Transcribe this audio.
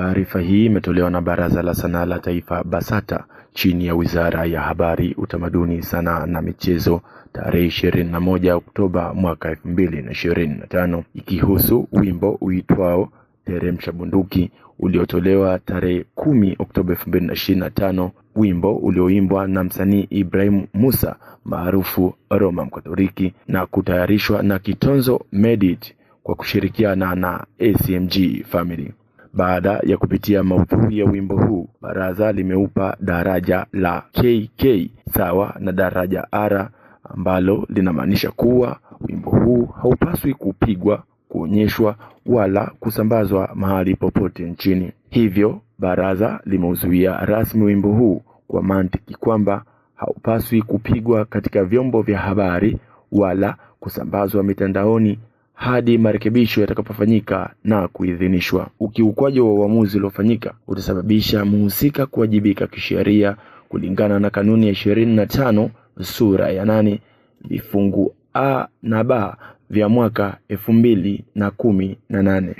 Taarifa hii imetolewa na Baraza la Sanaa la Taifa BASATA chini ya Wizara ya Habari, Utamaduni, Sanaa na Michezo tarehe 21 Oktoba mwaka 2025 na ishirini na tano ikihusu wimbo uitwao Teremsha Bunduki uliotolewa tarehe 10 Oktoba 2025, wimbo ulioimbwa na msanii Ibrahim Musa maarufu Roma Mkatoliki na kutayarishwa na Kitonzo Medit kwa kushirikiana na ACMG Family. Baada ya kupitia maudhui ya wimbo huu, baraza limeupa daraja la KK sawa na daraja R ambalo linamaanisha kuwa wimbo huu haupaswi kupigwa, kuonyeshwa wala kusambazwa mahali popote nchini. Hivyo baraza limeuzuia rasmi wimbo huu kwa mantiki kwamba haupaswi kupigwa katika vyombo vya habari wala kusambazwa mitandaoni hadi marekebisho yatakapofanyika na kuidhinishwa. Ukiukwaji wa uamuzi uliofanyika utasababisha mhusika kuwajibika kisheria kulingana na kanuni ya ishirini na tano sura ya nane vifungu a na b vya mwaka elfu mbili na kumi na nane.